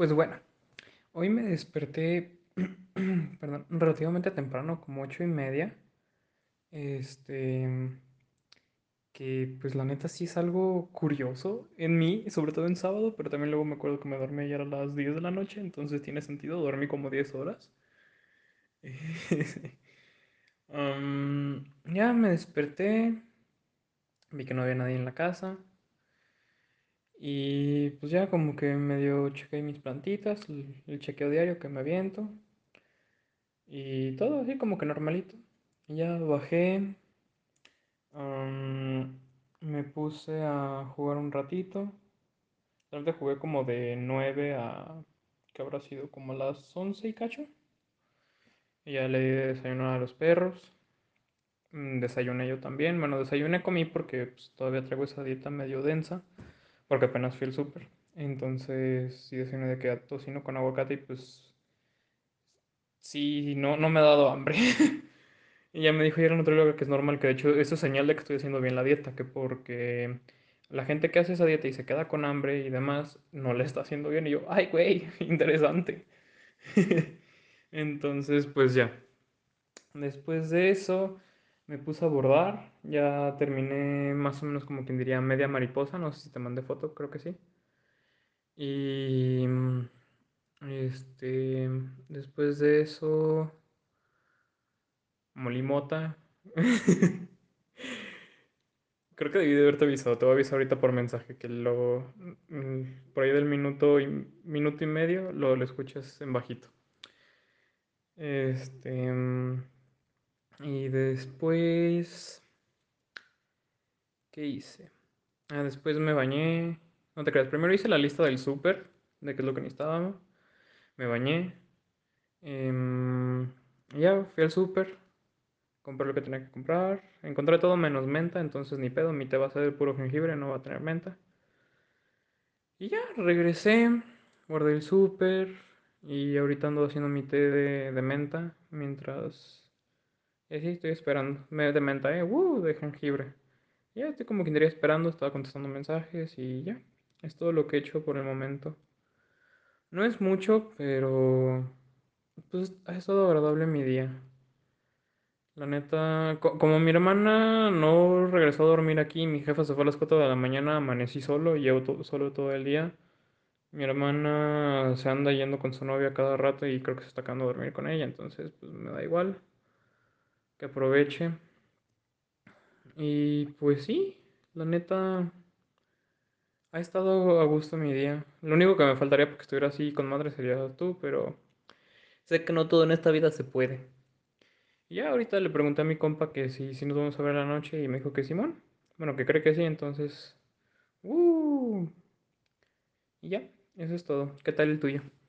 Pues bueno, hoy me desperté, perdón, relativamente temprano, como ocho y media. Este, que pues la neta sí es algo curioso en mí, sobre todo en sábado, pero también luego me acuerdo que me dormí ayer a las 10 de la noche, entonces tiene sentido, dormí como 10 horas. ya me desperté, vi que no había nadie en la casa. Y pues ya como que medio chequeé mis plantitas, el, chequeo diario que me aviento. Y todo así como que normalito. ya bajé. me puse a jugar un ratito. Realmente jugué como de 9 a... que habrá sido como las 11 y cacho. Y ya le di de desayunar a los perros. Mm, desayuné yo también. Bueno, desayuné comí porque pues, todavía traigo esa dieta medio densa porque apenas fui al súper. Entonces, ...y decía de que tocino con aguacate y pues sí, no, no me ha dado hambre. y ya me dijo otro nutrióloga que es normal, que de hecho eso es señal de que estoy haciendo bien la dieta, que porque la gente que hace esa dieta y se queda con hambre y demás, no le está haciendo bien. Y yo, ay, güey, interesante. Entonces, pues ya. Después de eso, me puse a bordar, ya terminé más o menos como quien diría media mariposa, no sé si te mandé foto, creo que sí. Y este, después de eso, Molimota. creo que debí de haberte avisado, te voy a avisar ahorita por mensaje que luego... Mm, por ahí del minuto y, minuto y medio lo, lo escuchas en bajito. Este Después, ¿qué hice? Ah, después me bañé. No te creas, primero hice la lista del súper, de qué es lo que necesitábamos. Me bañé. Em, ya fui al súper, compré lo que tenía que comprar. Encontré todo menos menta, entonces ni pedo, mi té va a ser puro jengibre, no va a tener menta. Y ya, regresé, guardé el súper y ahorita ando haciendo mi té de menta mientras y así estoy esperando. Me ¿eh? uh, de jengibre. Y ya estoy como que andaría esperando, estaba contestando mensajes y ya. Es todo lo que he hecho por el momento. No es mucho, pero pues ha estado agradable mi día. La neta, como mi hermana no regresó a dormir aquí, mi jefa se fue a las 4 de la mañana, amanecí solo, llevo solo todo el día. Mi hermana se anda yendo con su novia cada rato y creo que se está acabando de dormir con ella, entonces pues me da igual que aproveche. Y pues sí, la neta ha estado a gusto mi día. Lo único que me faltaría porque estuviera así con madre sería tú, pero sé que no todo en esta vida se puede. Y ya ahorita le pregunté a mi compa que si, si nos vamos a ver la noche y me dijo que Simón. Bueno, que cree que sí, entonces. Uh. Y ya, eso es todo. ¿Qué tal el tuyo?